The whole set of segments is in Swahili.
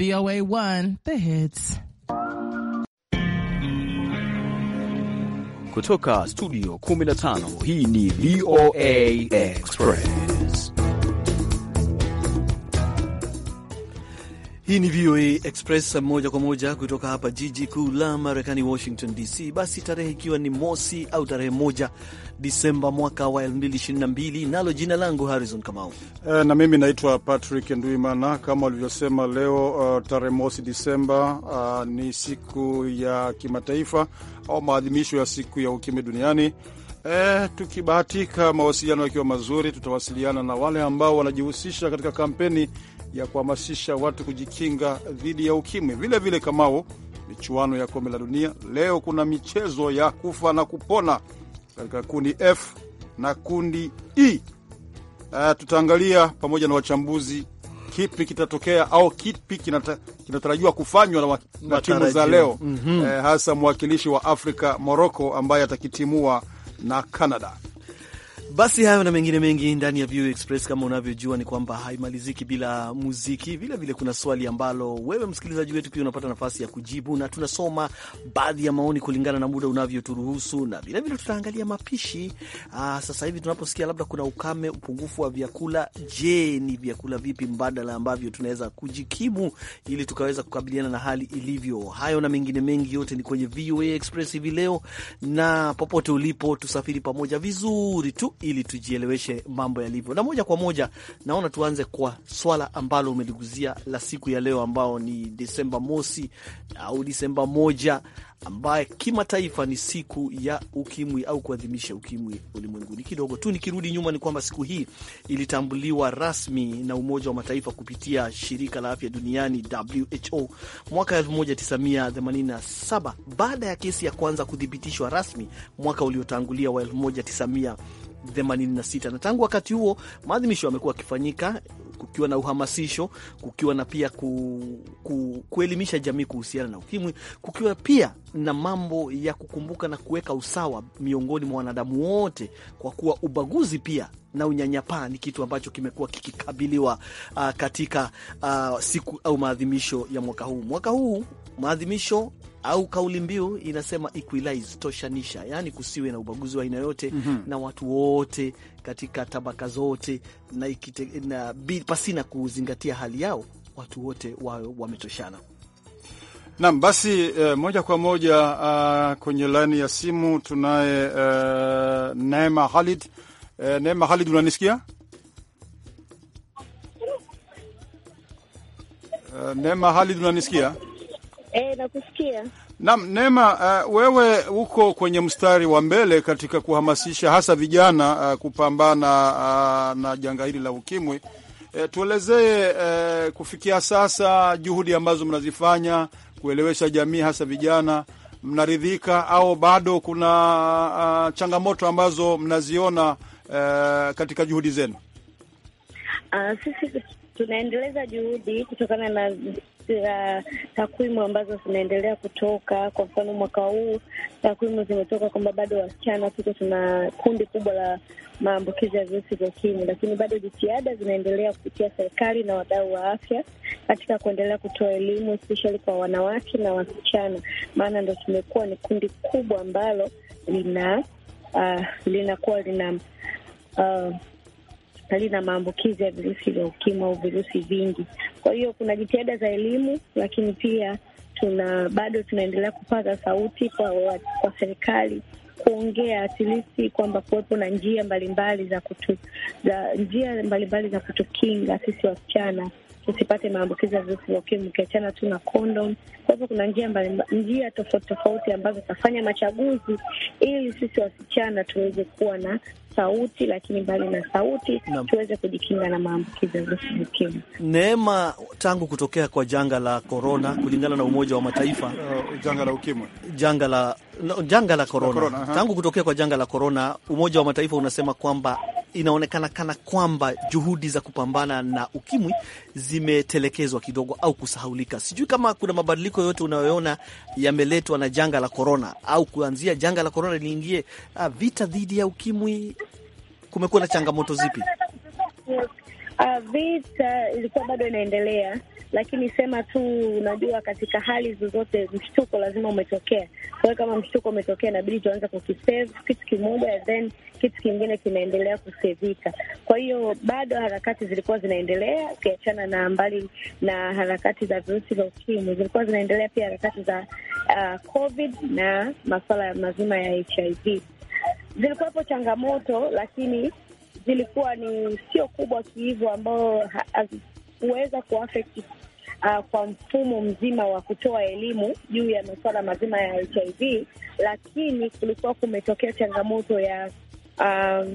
VOA 1, the hits. Kutoka studio 15 hii ni VOA Express. Hii ni VOA Express moja kwa moja kutoka hapa jiji kuu la Marekani, Washington DC. Basi tarehe ikiwa ni mosi au tarehe moja Disemba mwaka wa 2022, nalo jina langu Harrison Kamau e, na mimi naitwa Patrick Nduimana. Kama walivyosema leo, uh, tarehe mosi Disemba uh, ni siku ya kimataifa au maadhimisho ya siku ya ukimwi duniani. E, tukibahatika mawasiliano yakiwa mazuri tutawasiliana na wale ambao wanajihusisha katika kampeni ya kuhamasisha watu kujikinga dhidi ya ukimwi. Vilevile kamao michuano ya kombe la dunia leo kuna michezo ya kufa na kupona katika kundi F na kundi E. Uh, tutaangalia pamoja na wachambuzi kipi kitatokea au kipi kinata, kinatarajiwa kufanywa na timu za leo mm -hmm. Uh, hasa mwakilishi wa Afrika Morocco ambaye atakitimua na Canada. Basi hayo na mengine mengi ndani ya View Express. Kama unavyojua ni kwamba haimaliziki bila muziki. Vilevile vile kuna swali ambalo wewe msikilizaji wetu pia unapata nafasi ya kujibu, na tunasoma baadhi ya maoni kulingana na muda unavyoturuhusu, na vilevile tutaangalia mapishi. Aa, ah, sasa hivi tunaposikia labda kuna ukame, upungufu wa vyakula, je, ni vyakula vipi mbadala ambavyo tunaweza kujikimu ili tukaweza kukabiliana na hali ilivyo? Hayo na mengine mengi yote ni kwenye VOA Express hivi leo, na popote ulipo tusafiri pamoja vizuri tu ili tujieleweshe mambo yalivyo. Na moja kwa moja, naona tuanze kwa swala ambalo umeliguzia la siku ya leo, ambao ni Desemba mosi au Desemba moja, ambaye kimataifa ni siku ya ukimwi au kuadhimisha ukimwi ulimwenguni. Kidogo tu nikirudi nyuma, ni kwamba siku hii ilitambuliwa rasmi na Umoja wa Mataifa kupitia shirika la afya duniani WHO mwaka 1987 baada ya kesi ya kwanza kuthibitishwa rasmi mwaka uliotangulia wa 19 86 na tangu wakati huo maadhimisho yamekuwa akifanyika kukiwa na uhamasisho, kukiwa na pia ku, ku, kuelimisha jamii kuhusiana na ukimwi, kukiwa pia na mambo ya kukumbuka na kuweka usawa miongoni mwa wanadamu wote, kwa kuwa ubaguzi pia na unyanyapaa ni kitu ambacho kimekuwa kikikabiliwa uh, katika uh, siku au maadhimisho ya mwaka huu. Mwaka huu maadhimisho au kauli mbiu inasema equalize, toshanisha, yaani kusiwe na ubaguzi wa aina yote mm -hmm. na watu wote katika tabaka zote na, ikite, na pasina kuzingatia hali yao, watu wote wawe wametoshana. Nam basi eh, moja kwa moja uh, kwenye laini ya simu tunaye uh, Neema Khalid. Eh, Neema Khalid, unanisikia? Uh, Neema Halid, unanisikia? Eh, nakusikia. Naam, Neema, uh, wewe uko kwenye mstari wa mbele katika kuhamasisha hasa vijana uh, kupambana uh, na janga hili la ukimwi. E, tuelezee e, kufikia sasa juhudi ambazo mnazifanya kuelewesha jamii hasa vijana, mnaridhika au bado kuna a, uh, changamoto ambazo mnaziona e, katika juhudi zenu? Uh, sisi tunaendeleza juhudi kutokana na uh, takwimu ambazo zinaendelea kutoka. Kwa mfano mwaka huu takwimu zimetoka kwamba bado wasichana tuko tuna kundi kubwa la maambukizi ya virusi vya ukimwi, lakini bado jitihada zinaendelea kupitia serikali na wadau wa afya katika kuendelea kutoa elimu especially kwa wanawake na wasichana, maana ndo tumekuwa ni kundi kubwa ambalo lina uh, linakuwa lina uh, utalii na maambukizi ya virusi vya ukimwi au virusi vingi. Kwa hiyo kuna jitihada za elimu, lakini pia tuna bado tunaendelea kupaza sauti kwa, kwa serikali kuongea atilisi kwamba kuwepo na njia mbalimbali za kutu, za njia mbalimbali za kutukinga sisi wasichana tusipate maambukizi ya virusi vya ukimwi, ukiachana tu na kondom. Kwa hivyo kuna njia mbali, njia tofauti tofauti ambazo tutafanya machaguzi ili sisi wasichana tuweze kuwa na sauti, lakini mbali na sauti tuweze kujikinga na maambukizi ya virusi vya ukimwi. Neema, tangu kutokea kwa janga la korona, kulingana na Umoja wa Mataifa, uh, janga la ukimwi, janga la janga la korona, uh -huh. Tangu kutokea kwa janga la korona, Umoja wa Mataifa unasema kwamba inaonekana kana kwamba juhudi za kupambana na ukimwi zimetelekezwa kidogo au kusahaulika. Sijui kama kuna mabadiliko yote unayoona yameletwa na janga la korona, au kuanzia janga la korona liingie ah, vita dhidi ya ukimwi, kumekuwa na changamoto zipi? Uh, vita ilikuwa bado inaendelea, lakini sema tu, unajua katika hali zozote mshtuko lazima umetokea. Kwa hiyo kama mshtuko umetokea, inabidi tuanze kukisave kitu kimoja, then kitu kingine kinaendelea kusevika. Kwa hiyo bado harakati zilikuwa zinaendelea, ukiachana na mbali na harakati za virusi vya ukimwi, zilikuwa zinaendelea pia harakati za uh, COVID na masuala mazima ya HIV. Zilikuwepo changamoto, lakini zilikuwa ni sio kubwa kihivyo, ambayo hazikuweza kuaffect uh, kwa mfumo mzima wa kutoa elimu juu ya masuala mazima ya HIV, lakini kulikuwa kumetokea changamoto ya uh,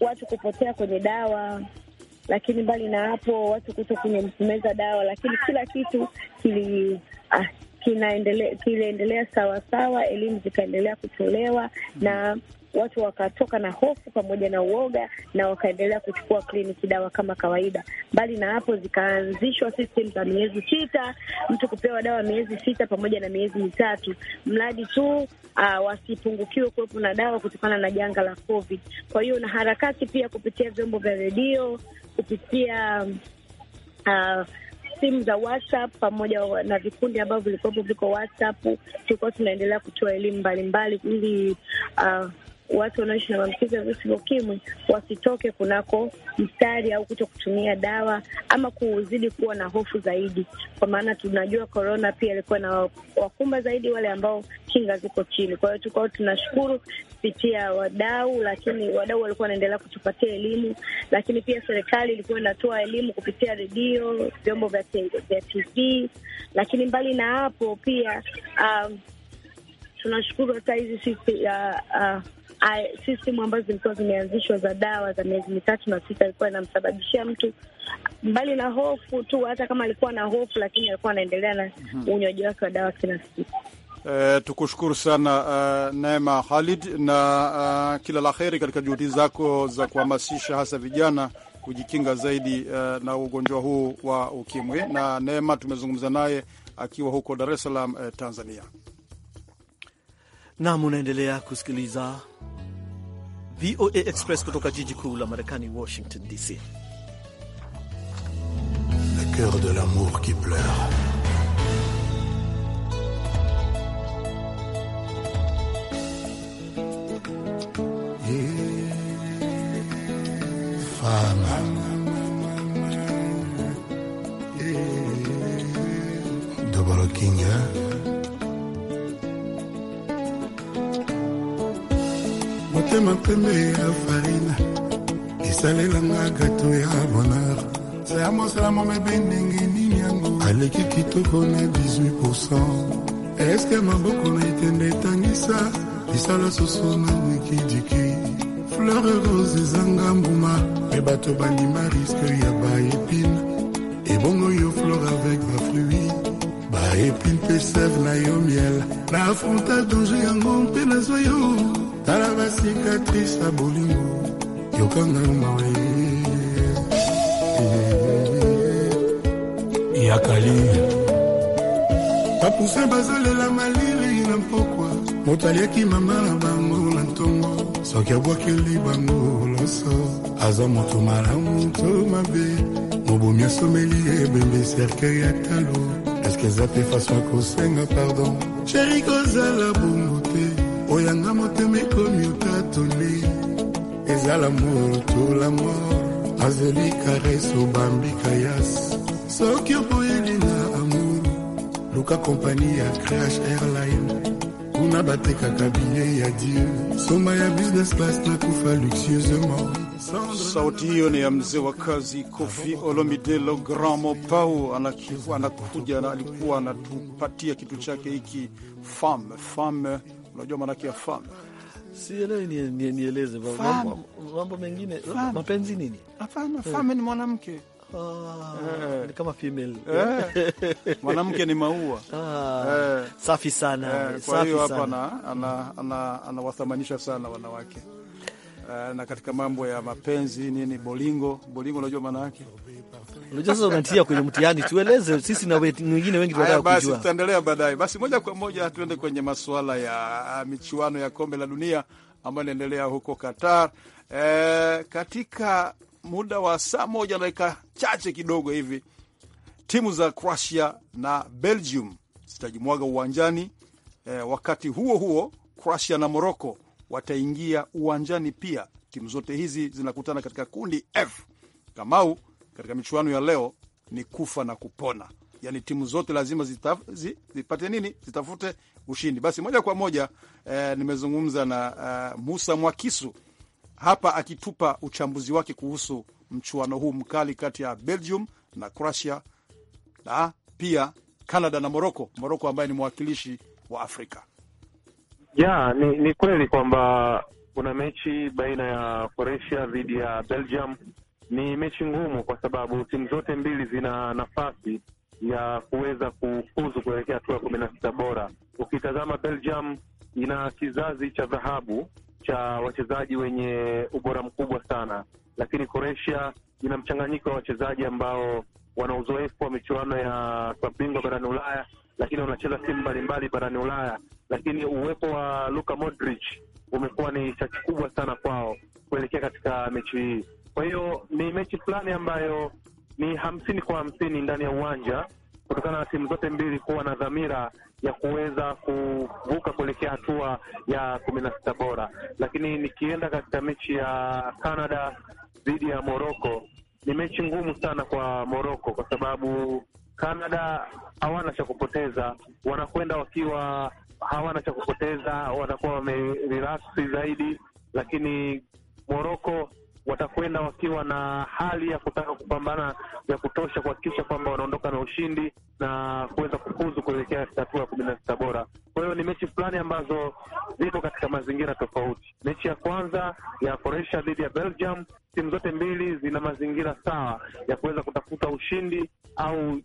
watu kupotea kwenye dawa lakini mbali na hapo watu kuto kwenye mtumeza dawa, lakini kila kitu kili ah, kinaendelea kiliendelea sawasawa, elimu zikaendelea kutolewa na watu wakatoka na hofu pamoja na uoga na wakaendelea kuchukua kliniki dawa kama kawaida. Mbali na hapo, zikaanzishwa system za miezi sita, mtu kupewa dawa miezi sita pamoja na miezi mitatu, mradi tu uh, wasipungukiwe kuwepo na dawa kutokana na janga la COVID. Kwa hiyo na harakati pia kupitia vyombo vya redio, kupitia uh, simu za WhatsApp pamoja na vikundi ambavyo vilikuwepo viko WhatsApp, tulikuwa tunaendelea kutoa elimu mbalimbali ili uh, watu wanaoishi na maambukizi ya virusi vya ukimwi wasitoke kunako mstari au kuto kutumia dawa ama kuzidi kuwa na hofu zaidi, kwa maana tunajua korona pia ilikuwa na wakumba zaidi wale ambao kinga ziko chini. Kwa hiyo tukao tunashukuru kupitia wadau, lakini wadau walikuwa wanaendelea kutupatia elimu, lakini pia serikali ilikuwa inatoa elimu kupitia redio, vyombo vya TV, lakini mbali na hapo pia um, tunashukuru hata hizi sisi uh, uh, sistimu ambazo zilikuwa zimeanzishwa za dawa za miezi mitatu na sita ilikuwa inamsababishia mtu mbali na hofu tu, hata kama alikuwa na hofu, lakini alikuwa anaendelea na mhm. unywaji wake wa dawa kila siku. Uh, tukushukuru sana uh, Neema Khalid na uh, kila la heri katika juhudi zako za kuhamasisha hasa vijana kujikinga zaidi uh, na ugonjwa huu wa ukimwi. Na Neema tumezungumza naye akiwa huko Dar es Salaam, uh, Tanzania. Nam, unaendelea kusikiliza VOA Express kutoka jiji kuu la Marekani, Washington DC. Le coeur de l'amour qui pleure pembe ya farina esalelanga gato ya bonheur saya mosalamo mebe ndenge nini yango aleki kitoko na 18 eske maboko na etende etangisa lisala soso na mikidiki fleur rose ezanga mbuma mpe bato bandima riske ya baepine ebongo yo flore avec bafruit baepine mpe seve na yo miel na afronta danger yango mpe nazwa yo tala basikatrice eh, eh, eh, ya bolingo yokanga mawe yakali bapusin bazolela malili na mpokwa moto aliaki mama na bango na ntongo soki abwakeli bango loso aza moto malamu to mabe mobomi asomeli ebembe cercueil ya talo eske eza mpe faso ya kosenga pardon sheri kozala bongo oyanga motema ekomi utatoli ezala mor azeli karese obambi kayasi soki oboyeli na amour luka kompani ya crash airline kuna batekaka bile ya dieu soma ya business class nakufa luxueusement Sauti hiyo ni ya mzee wa kazi Kofi Olomide Logramo mopau anakuja na alikuwa anatupatia kitu chake hiki fam fam Unajua maanake ya fam sielewi, nieleze mambo mengine. Mapenzi nini? Hapana, eh. fam ni mwanamke ah, eh. ni kama female eh. mwanamke ni maua ah, safi sana. Kwa hiyo hapa anawathamanisha sana wanawake Eh, na katika mambo ya mapenzi nini, bolingo bolingo, unajua maana yake. Unajua sasa unatia kwenye mtihani, tueleze sisi na wengine wengi tunataka kujua. Basi tutaendelea baadaye. Basi moja kwa moja tuende kwenye masuala ya ah, michuano ya kombe la dunia ambayo inaendelea huko Qatar. E, katika muda wa saa moja na dakika chache kidogo hivi timu za Croatia na Belgium zitajimwaga uwanjani. E, wakati huo huo Croatia na Morocco wataingia uwanjani pia. Timu zote hizi zinakutana katika kundi F. Kamau, katika michuano ya leo ni kufa na kupona, yaani timu zote lazima zitaf, zi, zipate nini, zitafute ushindi. Basi moja kwa moja eh, nimezungumza na eh, Musa Mwakisu hapa akitupa uchambuzi wake kuhusu mchuano huu mkali kati ya Belgium na Croatia na pia Canada na Moroko, Moroko ambaye ni mwakilishi wa Afrika. Yeah, ni, ni kweli kwamba kuna mechi baina ya Croatia dhidi ya Belgium. Ni mechi ngumu kwa sababu timu zote mbili zina nafasi ya kuweza kufuzu kuelekea hatua ya kumi na sita bora. Ukitazama Belgium ina kizazi cha dhahabu cha wachezaji wenye ubora mkubwa sana, lakini Croatia ina mchanganyiko wa wachezaji ambao wana uzoefu wa michuano ya klabu bingwa barani Ulaya lakini wanacheza timu mbalimbali barani Ulaya, lakini uwepo wa Luka Modric umekuwa ni chachu kubwa sana kwao kuelekea katika mechi hii. Kwa hiyo ni mechi fulani ambayo ni hamsini kwa hamsini ndani ya uwanja kutokana na timu zote mbili kuwa na dhamira ya kuweza kuvuka kuelekea hatua ya kumi na sita bora. Lakini nikienda katika mechi ya Canada dhidi ya Morocco, ni mechi ngumu sana kwa Morocco kwa sababu Canada hawana cha kupoteza, wanakwenda wakiwa hawana cha kupoteza, watakuwa wamerilaksi zaidi, lakini Moroko watakwenda wakiwa na hali ya kutaka kupambana ya kutosha kuhakikisha kwamba wanaondoka na ushindi na kuweza kufuzu kuelekea katika hatua ya kumi na sita bora. Kwa hiyo ni mechi fulani ambazo ziko katika mazingira tofauti. Mechi ya kwanza ya Croatia dhidi ya Belgium, timu zote mbili zina mazingira sawa ya kuweza kutafuta ushindi au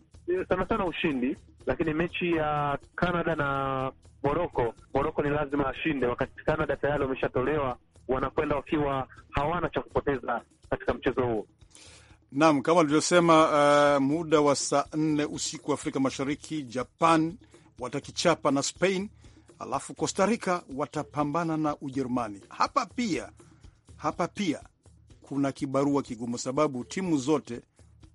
sana sana ushindi, lakini mechi ya Canada na Morocco, Morocco ni lazima ashinde, wakati Canada tayari wameshatolewa, wanakwenda wakiwa hawana cha kupoteza katika mchezo huo. Naam, kama alivyosema uh, muda wa saa nne usiku wa Afrika Mashariki, Japan watakichapa na Spain, alafu Costa Rica watapambana na Ujerumani. Hapa pia hapa pia kuna kibarua kigumu, sababu timu zote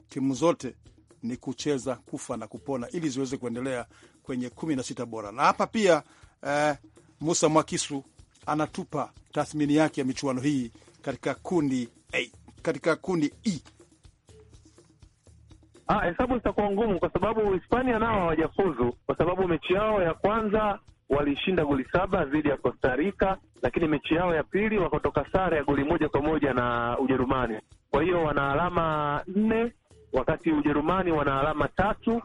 timu zote ni kucheza kufa na kupona, ili ziweze kuendelea kwenye kumi na sita bora. Na hapa pia eh, Musa Mwakisu anatupa tathmini yake ya michuano hii katika kundi A, katika kundi E. Ah, hesabu zitakuwa ngumu kwa sababu Hispania nao hawajafuzu kwa sababu mechi yao ya kwanza walishinda goli saba dhidi ya Costa Rica, lakini mechi yao ya pili wakatoka sare ya goli moja kwa moja na Ujerumani. Kwa hiyo wana alama nne wakati Ujerumani wana alama tatu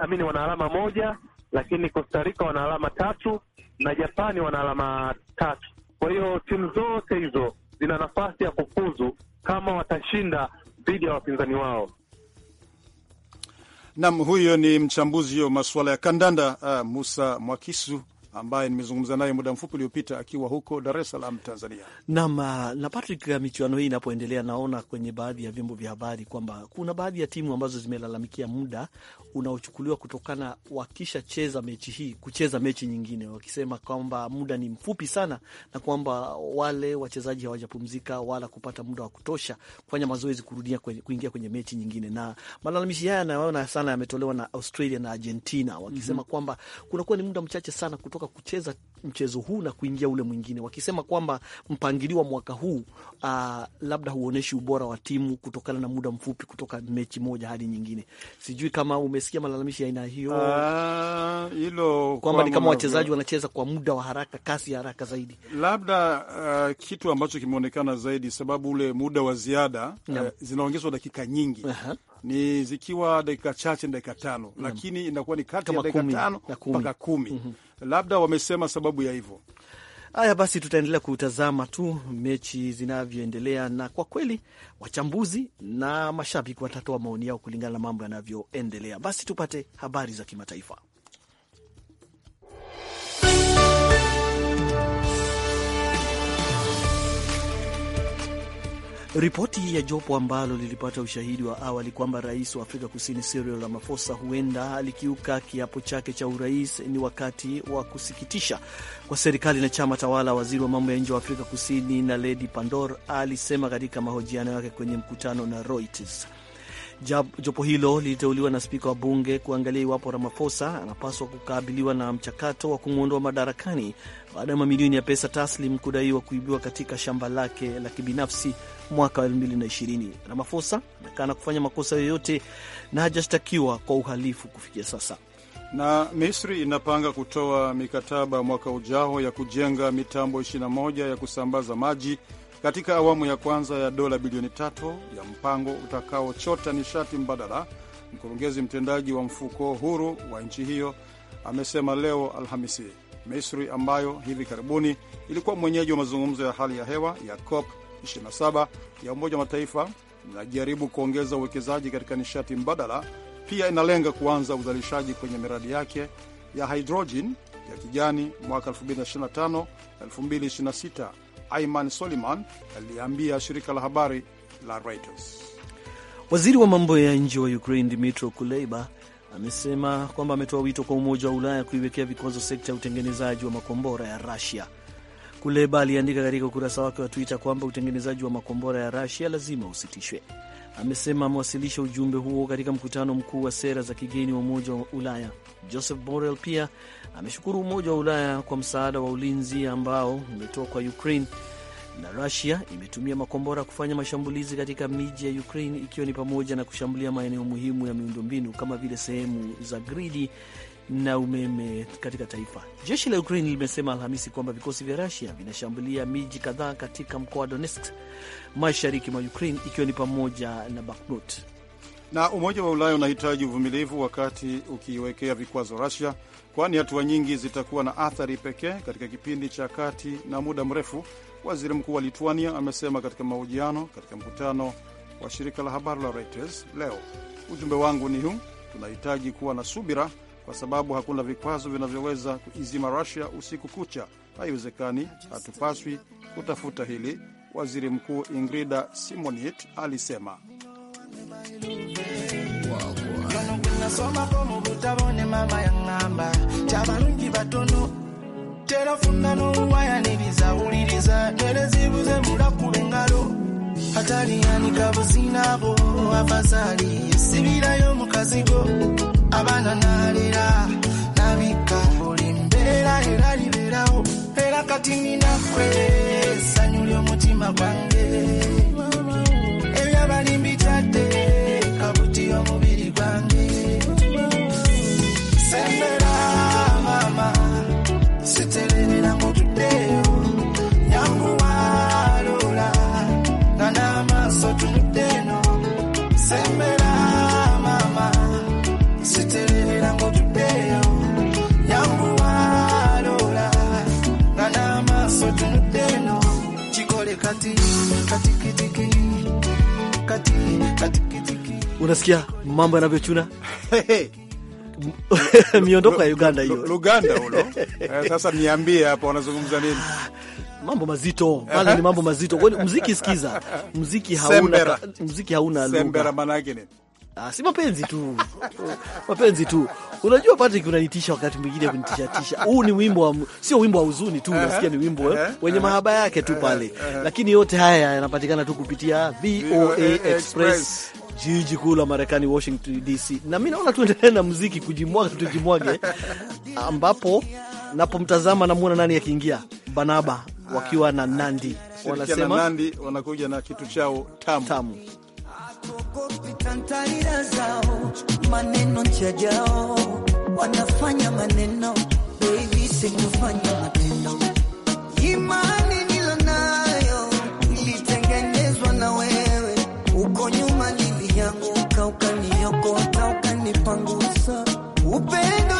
amini, wana alama moja, lakini Costa Rica wana alama tatu na Japani wana alama tatu. Kwa hiyo timu zote hizo zina nafasi ya kufuzu kama watashinda dhidi ya wapinzani wao. Nam, huyo ni mchambuzi wa masuala ya kandanda uh, Musa Mwakisu ambaye nimezungumza naye muda mfupi uliopita akiwa huko Dar es Salaam, Tanzania. Naam, uh, na Patrick, uh, michuano hii inapoendelea, naona kwenye baadhi ya vyombo vya habari kwamba kuna baadhi ya timu ambazo zimelalamikia muda unaochukuliwa kutokana wakishacheza mechi hii kucheza mechi nyingine, wakisema kwamba muda ni mfupi sana na kwamba wale wachezaji hawajapumzika wala kupata muda wa kutosha kufanya mazoezi kurudia kwenye, kuingia kwenye mechi nyingine, na malalamishi haya naona sana yametolewa na Australia na Argentina wakisema mm -hmm. kwamba kunakuwa ni muda mchache sana kutoka kutoka kucheza mchezo huu na kuingia ule mwingine, wakisema kwamba mpangilio wa mwaka huu uh, labda huonyeshi ubora wa timu kutokana na muda mfupi kutoka mechi moja hadi nyingine. Sijui kama umesikia malalamishi ya aina hiyo, ah, hilo kwamba ni kama wachezaji wanacheza kwa muda wa haraka, kasi ya haraka zaidi, labda uh, kitu ambacho kimeonekana zaidi, sababu ule muda wa ziada uh, zinaongezwa dakika nyingi uh -huh ni zikiwa dakika chache, dakika tano mm. lakini inakuwa ni kati ya dakika tano mpaka kumi, kumi. Mm -hmm. labda wamesema sababu ya hivyo. Haya basi, tutaendelea kutazama tu mechi zinavyoendelea, na kwa kweli wachambuzi na mashabiki watatoa maoni yao kulingana na mambo yanavyoendelea. Basi tupate habari za kimataifa. Ripoti ya jopo ambalo lilipata ushahidi wa awali kwamba rais wa Afrika Kusini Cyril Ramaphosa huenda alikiuka kiapo chake cha urais ni wakati wa kusikitisha kwa serikali na chama tawala. Waziri wa mambo ya nje wa Afrika Kusini Naledi Pandor alisema katika mahojiano yake kwenye mkutano na Reuters. Jopo hilo liliteuliwa na spika wa bunge kuangalia iwapo Ramaphosa anapaswa kukabiliwa na mchakato wa kumwondoa madarakani baada ya mamilioni ya pesa taslim kudaiwa kuibiwa katika shamba lake la kibinafsi mwaka wa ishirini. Ramafosa anakana kufanya makosa yoyote na hajashtakiwa kwa uhalifu kufikia sasa. Na Misri inapanga kutoa mikataba mwaka ujao ya kujenga mitambo 21 ya kusambaza maji katika awamu ya kwanza ya dola bilioni tatu ya mpango utakaochota nishati mbadala. Mkurugenzi mtendaji wa mfuko huru wa nchi hiyo amesema leo Alhamisi. Misri ambayo hivi karibuni ilikuwa mwenyeji wa mazungumzo ya hali ya hewa ya COP 27 ya Umoja wa Mataifa inajaribu kuongeza uwekezaji katika nishati mbadala. Pia inalenga kuanza uzalishaji kwenye miradi yake ya hidrojeni ya kijani mwaka 2025 2026. Aiman Soliman aliambia shirika la habari la Reuters. Waziri wa mambo ya nje wa Ukraine Dmytro Kuleba amesema kwamba ametoa wito kwa Umoja wa Ulaya kuiwekea vikwazo sekta ya utengenezaji wa makombora ya Rusia Kuleba aliandika katika ukurasa wake wa Twitter kwamba utengenezaji wa makombora ya Rasia lazima usitishwe. Amesema amewasilisha ujumbe huo katika mkutano mkuu wa sera za kigeni wa Umoja wa Ulaya. Joseph Borrell pia ameshukuru Umoja wa Ulaya kwa msaada wa ulinzi ambao kwa Ukraine na Rusia imetumia makombora kufanya mashambulizi katika miji ya Ukraine ikiwa ni pamoja na kushambulia maeneo muhimu ya miundombinu kama vile sehemu za gridi na umeme katika taifa. Jeshi la Ukraine limesema Alhamisi kwamba vikosi vya Rusia vinashambulia miji kadhaa katika mkoa wa Donetsk, mashariki mwa Ukraine, ikiwa ni pamoja na Bakhmut. Na Umoja wa Ulaya unahitaji uvumilivu wakati ukiiwekea vikwazo Rusia, kwani hatua nyingi zitakuwa na athari pekee katika kipindi cha kati na muda mrefu, waziri mkuu wa Lituania amesema katika mahojiano katika mkutano wa shirika la habari la Reuters leo. Ujumbe wangu ni huu, tunahitaji kuwa na subira kwa sababu hakuna vikwazo vinavyoweza kuizima Rusia usiku kucha. Haiwezekani, hatupaswi kutafuta hili, waziri mkuu Ingrida Simonit alisema. Wow, wow. atali yanika buzinaabo abazaali esibirayo mu kazigo abaana naalera nabikka buli mbeera era liberawo era kati ninakwe essanyu ly'omutima gwange ebyabalimbi tadde kabuti omubiri gwange sembera mama siterere Unasikia mambo yanavyochuna miondoko ya Uganda hiyo Luganda hulo. Eh, sasa niambie hapa wanazungumza nini? Mambo mazito pale, ni mambo mazito kwani. Mziki sikiza, mziki hauna, mziki hauna lugha, manake nini? Ah, si mapenzi tu mapenzi tu. Unajua Patrick, unanitisha wakati mwingine kunitisha tisha. Huu ni wimbo wa, sio wimbo wa huzuni tu, unasikia ni wimbo eh, wenye mahaba yake tu pale, eh, eh, lakini yote haya yanapatikana tu kupitia VOA Express jiji kuu la Marekani, Washington DC. Na mi naona tuendelee na mziki, kujimwaga tujimwage, ambapo napomtazama namwona nani akiingia, Banaba wakiwa na Nandi wanasema Nandi wanakuja na kitu chao tamu, tamu. Wanafanya maneno baby, sikufanya matendo. Imani nilo ilitengenezwa na wewe uko nyuma yangu ukauka ukanipangusa upendo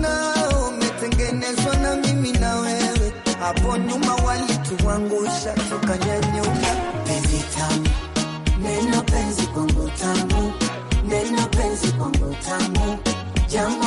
nao umetengenezwa na mimi na wewe. Hapo nyuma walituangusha tukanyanyuka. Penzi tamu, neno penzi kwangu tamu, neno penzi kwangu tamu, jambo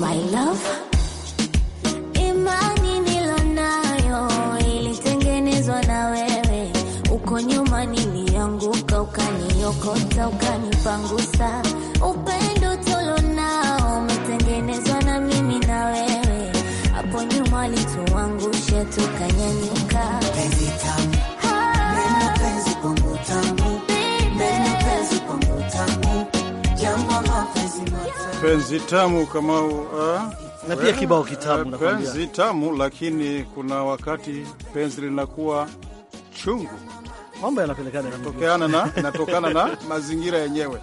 my love. Penzi tamu kama uh, na pia eh, kibao kitamu uh, penzi tamu, lakini kuna wakati penzi linakuwa chungu, mambo yanapelekana, inatokana na natokana na mazingira yenyewe.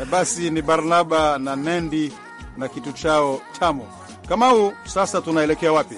Eh, basi ni Barnaba na Nendi na kitu chao tamu. u. sasa tunaelekea wapi?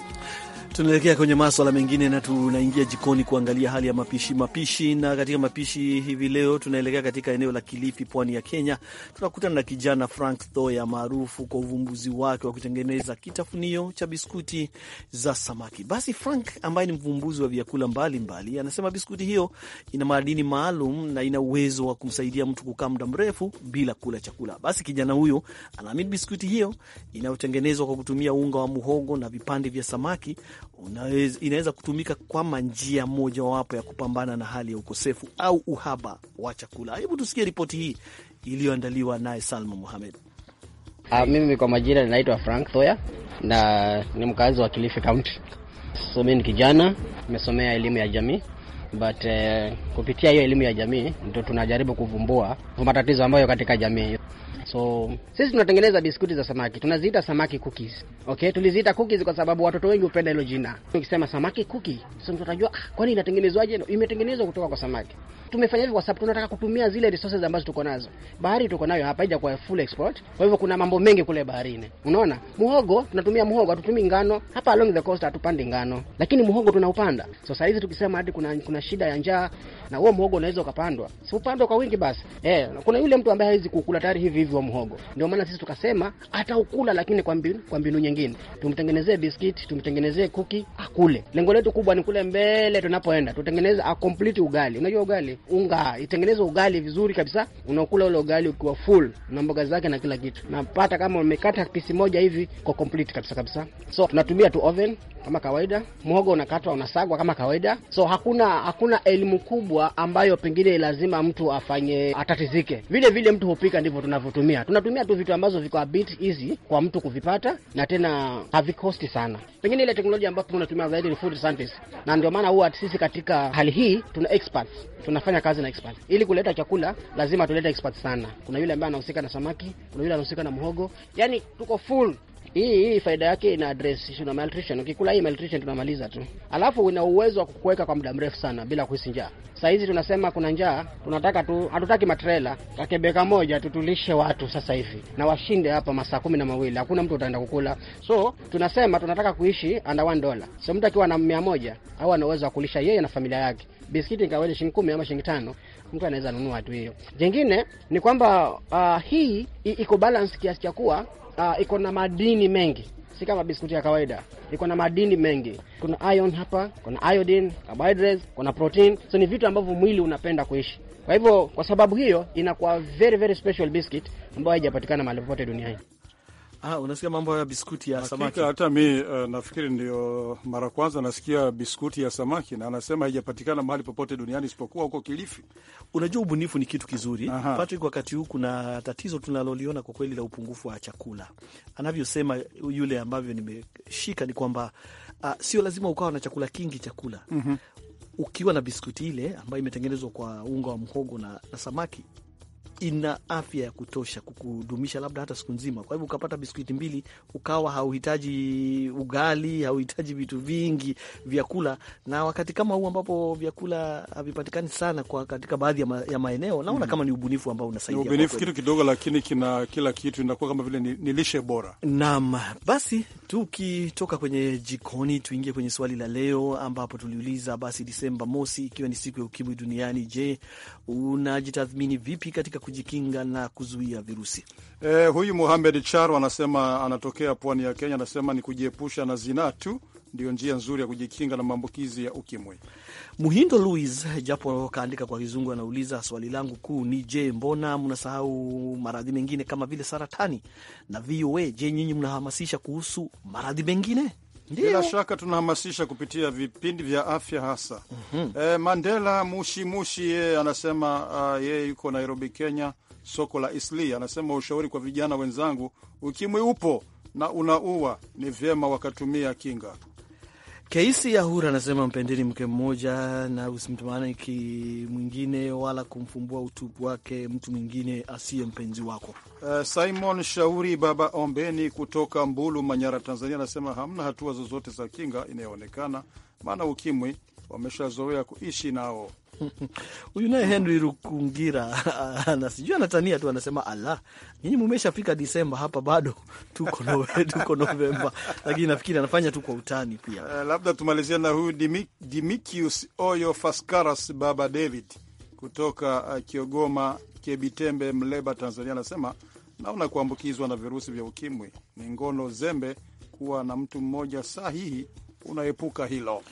Tunaelekea kwenye maswala mengine na tunaingia jikoni kuangalia hali ya mapishi mapishi. Na katika mapishi hivi leo tunaelekea katika eneo la Kilifi, pwani ya Kenya. Tunakutana na kijana Frank Thoya maarufu kwa uvumbuzi wake wa kutengeneza kitafunio cha biskuti za samaki. Basi Frank ambaye ni mvumbuzi wa vyakula mbalimbali mbali, anasema biskuti hiyo ina madini maalum na ina uwezo wa kumsaidia mtu kukaa muda mrefu bila kula chakula. Basi kijana huyo anaamini biskuti hiyo inayotengenezwa kwa kutumia unga wa muhogo na vipande vya samaki inaweza kutumika kama njia mojawapo ya kupambana na hali ya ukosefu au uhaba wa chakula. Hebu tusikie ripoti hii iliyoandaliwa naye Salma Muhamed. Uh, ah, mimi kwa majina ninaitwa Frank Thoya na ni mkazi wa Kilifi County. So mimi ni kijana nimesomea elimu ya jamii but uh, kupitia hiyo elimu ya jamii ndio tunajaribu kuvumbua matatizo ambayo katika jamii. So sisi tunatengeneza biskuti za samaki, tunaziita samaki cookies. Okay, tuliziita cookies kwa sababu watoto wengi hupenda hilo jina. Ukisema samaki cookie, sasa mtu atajua, ah, kwani inatengenezwaje? Imetengenezwa kutoka kwa samaki tumefanya hivi kwa sababu tunataka kutumia zile resources ambazo tuko nazo. Bahari tuko nayo hapa haija kwa full export, kwa hivyo kuna mambo mengi kule baharini. Unaona, muhogo tunatumia muhogo, hatutumii ngano hapa. Along the coast hatupandi ngano, lakini muhogo tunaupanda. So saa hizi tukisema hadi kuna kuna shida ya njaa, na huo muhogo unaweza ukapandwa, si upandwe kwa wingi basi. Eh, kuna yule mtu ambaye hawezi kukula tayari hivi hivi wa muhogo, ndio maana sisi tukasema hata ukula lakini kwa mbinu, kwa mbinu nyingine, tumtengenezee biscuit, tumtengenezee cookie akule. Lengo letu kubwa ni kule mbele tunapoenda tutengeneze a complete ugali. Unajua ugali unga itengenezwe ugali vizuri kabisa, unakula ule ugali ukiwa full na mboga zake na kila kitu, napata kama umekata pisi moja hivi kwa complete kabisa kabisa. So tunatumia tu oven kama kawaida, mhogo unakatwa unasagwa kama kawaida. So hakuna hakuna elimu kubwa ambayo pengine lazima mtu afanye atatizike. Vile vile mtu hupika, ndivyo tunavyotumia. Tunatumia tu vitu ambazo viko a bit easy kwa mtu kuvipata na tena havikosti sana. Pengine ile teknolojia ambayo tunatumia zaidi ni food scientist, na ndio maana huwa sisi katika hali hii tuna experts, tunafanya kazi na experts. Ili kuleta chakula lazima tulete experts sana. Kuna yule ambaye anahusika na samaki, kuna yule anahusika na muhogo, yani tuko full hii hii faida yake ina address issue na malnutrition. Ukikula hii malnutrition tunamaliza tu, alafu ina uwezo wa kukuweka kwa muda mrefu sana bila kuhisi njaa. Saa hizi tunasema kuna njaa, tunataka tu, hatutaki matrela, kakebeka moja tutulishe watu sasa hivi na washinde hapa masaa kumi na mawili, hakuna mtu utaenda kukula. So tunasema tunataka kuishi under one dollar. So mtu akiwa na mia moja au ana uwezo wa kulisha yeye na familia yake biskiti ikawaje shilingi kumi ama shilingi tano, mtu anaweza nunua tu hiyo. Jengine ni kwamba uh, hii iko balance kiasi cha kuwa uh, iko na madini mengi, si kama biskuti ya kawaida. Iko na madini mengi, kuna iron hapa, kuna iodine, carbohydrates, kuna protein. So ni vitu ambavyo mwili unapenda kuishi. Kwa hivyo, kwa sababu hiyo inakuwa very very special biscuit ambayo haijapatikana mahali popote duniani. Ah, unasikia mambo ya biskuti ya Hakika, samaki. Hata mi uh, nafikiri ndio mara kwanza nasikia biskuti ya samaki, na anasema haijapatikana mahali popote duniani isipokuwa huko Kilifi. Unajua, ubunifu ni kitu kizuri Aha. Patrick, wakati huu kuna tatizo tunaloliona kwa kweli la upungufu wa chakula. Anavyosema yule ambavyo nimeshika ni kwamba uh, sio lazima ukawa na chakula kingi chakula mm -hmm. Ukiwa na biskuti ile ambayo imetengenezwa kwa unga wa mhogo na, na samaki ina afya ya kutosha kukudumisha labda hata siku nzima. Kwa hivyo ukapata biskuiti mbili, ukawa hauhitaji ugali, hauhitaji vitu vingi vyakula. Na wakati kama huu ambapo vyakula havipatikani sana kwa katika baadhi ya, ma, ya maeneo, naona mm, kama ni ubunifu ambao unasaidia, Ni ubunifu kitu kidogo, lakini kina kila kitu, inakuwa kama vile ni lishe bora. Naam, basi tukitoka kwenye jikoni, tuingie kwenye swali la leo ambapo tuliuliza basi, Disemba mosi ikiwa ni siku ya ukimwi duniani, je, unajitathmini vipi katika kujikinga na kuzuia virusi. Eh, huyu Muhamed Charo anasema anatokea pwani ya Kenya, anasema ni kujiepusha na zinaa tu ndio njia nzuri ya kujikinga na maambukizi ya ukimwi. Muhindo Louis, japo kaandika kwa Kizungu, anauliza swali langu kuu ni je, mbona mnasahau maradhi mengine kama vile saratani na VOA? Je, nyinyi mnahamasisha kuhusu maradhi mengine? Bila shaka tunahamasisha kupitia vipindi vya afya hasa. mm -hmm. E, Mandela Mushimushi yeye anasema uh, yeye yuko Nairobi, Kenya, soko la Isli. Anasema ushauri kwa vijana wenzangu, ukimwi upo na unaua, ni vyema wakatumia kinga. Keisi ya anasema mpendeni mke mmoja na usimtamaniki mwingine wala kumfumbua utupu wake mtu mwingine asiye mpenzi wako. Uh, Simon Shauri Baba Ombeni kutoka Mbulu, Manyara, Tanzania anasema hamna hatua zozote za kinga inayoonekana, maana ukimwi wameshazoea kuishi nao. Huyu naye Henry Rukungira na sijui anatania tu, anasema ala, nyinyi mumeshafika Disemba, hapa bado tuko tuko Novemba, lakini nafikiri anafanya tu kwa utani pia. Uh, labda tumalizia na huyu Dimikius Oyo Faskaras Baba David kutoka uh, Kiogoma Kebitembe, Mleba, Tanzania, anasema naona kuambukizwa na virusi vya ukimwi ni ngono zembe. Kuwa na mtu mmoja sahihi unaepuka hilo.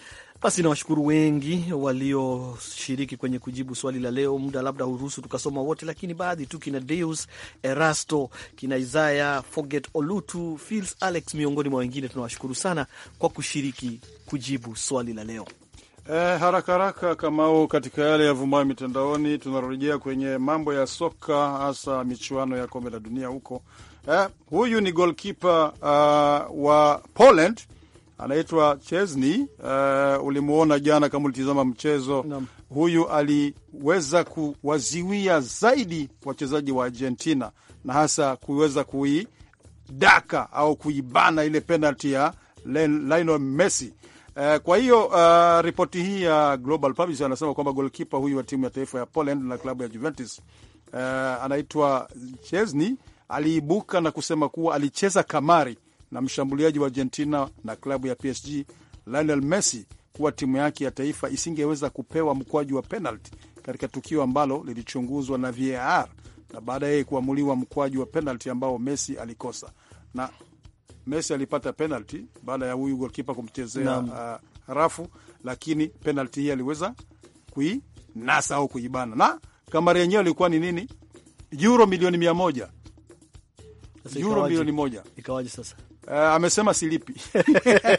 Basi nawashukuru wengi walioshiriki kwenye kujibu swali la leo. Muda labda huruhusu tukasoma wote, lakini baadhi tu, kina Deus Erasto, kina Isaya foget Olutu Fils, Alex miongoni mwa wengine. Tunawashukuru sana kwa kushiriki kujibu swali la leo. Eh, haraka haraka kamao, katika yale vumayo mitandaoni, tunarejea kwenye mambo ya soka, hasa michuano ya kombe la dunia huko. Eh, huyu ni golkipa uh, wa Poland anaitwa Chesney. Uh, ulimuona jana kama ulitizama mchezo Nam. Huyu aliweza kuwaziwia zaidi wachezaji wa Argentina na hasa kuweza kuidaka au kuibana ile penalti ya Lionel Messi. Uh, kwa hiyo uh, ripoti hii ya Global Publishers anasema kwamba golkipa huyu wa timu ya taifa ya Poland na klabu ya Juventus uh, anaitwa Chesney aliibuka na kusema kuwa alicheza kamari na mshambuliaji wa Argentina na klabu ya PSG Lionel Messi kuwa timu yake ya taifa isingeweza kupewa mkwaju wa penalti katika tukio ambalo lilichunguzwa na VAR na baada yeye kuamuliwa mkwaju wa penalti ambao Messi alikosa, na Messi alipata penalti baada ya huyu golkipa kumchezea uh, rafu, lakini penalti hii aliweza kuinasa au kuibana, na kamari yenyewe ilikuwa ni nini? Euro milioni mia moja. Sasa, euro milioni moja. Ikawaje sasa? Uh, amesema silipi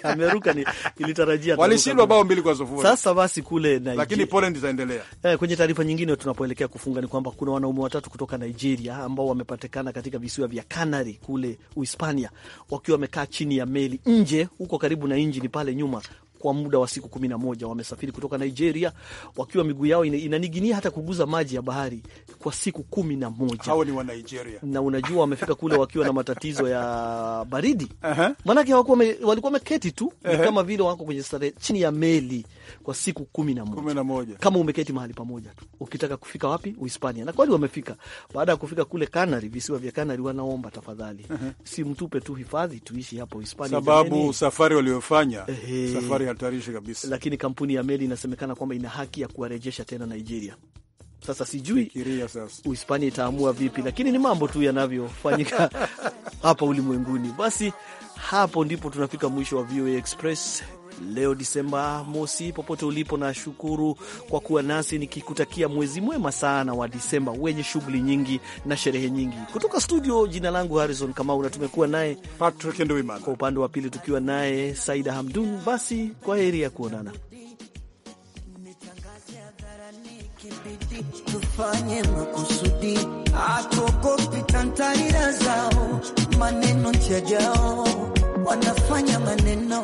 ameruka ni ilitarajia walishindwa bao mbili kwa sufuri. Sasa basi kule Nigeria, lakini Poland itaendelea. Eh, kwenye taarifa nyingine tunapoelekea kufunga ni kwamba kuna wanaume watatu kutoka Nigeria ambao wamepatikana katika visiwa vya Canary kule Uhispania wakiwa wamekaa chini ya meli nje huko karibu na injini pale nyuma kwa muda wa siku kumi na moja wamesafiri kutoka Nigeria wakiwa miguu yao inaniginia hata kuguza maji ya bahari kwa siku kumi na moja. Hao ni wa Nigeria. Na unajua wamefika kule wakiwa na matatizo ya baridi uh -huh. Maanake walikuwa wameketi tu uh -huh. Ni kama vile wako kwenye starehe chini ya meli kwa siku kumi na moja, kama umeketi mahali pamoja tu ukitaka kufika wapi Uhispania. Na kweli wamefika. Baada ya kufika kule Kanari, visiwa vya Kanari, wanaomba tafadhali, si mtupe tu hifadhi tuishi hapo Uhispania, sababu jameni, safari waliofanya safari hatarishi kabisa. Lakini kampuni ya meli inasemekana kwamba ina haki ya kuwarejesha tena Nigeria. Sasa sijui Uhispania itaamua vipi, lakini ni mambo tu yanavyofanyika hapa ulimwenguni. Basi hapo ndipo tunafika mwisho wa VOA Express leo Disemba mosi. Popote ulipo, nashukuru kwa kuwa nasi nikikutakia mwezi mwema sana wa Disemba wenye shughuli nyingi na sherehe nyingi. Kutoka studio, jina langu Harrison Kamau na tumekuwa naye Patrick Ndwimana, kwa upande wa pili tukiwa naye Saida Hamdun. Basi kwa heri ya kuonana. Tufanye makusudi, tantarira zao, maneno wanafanya maneno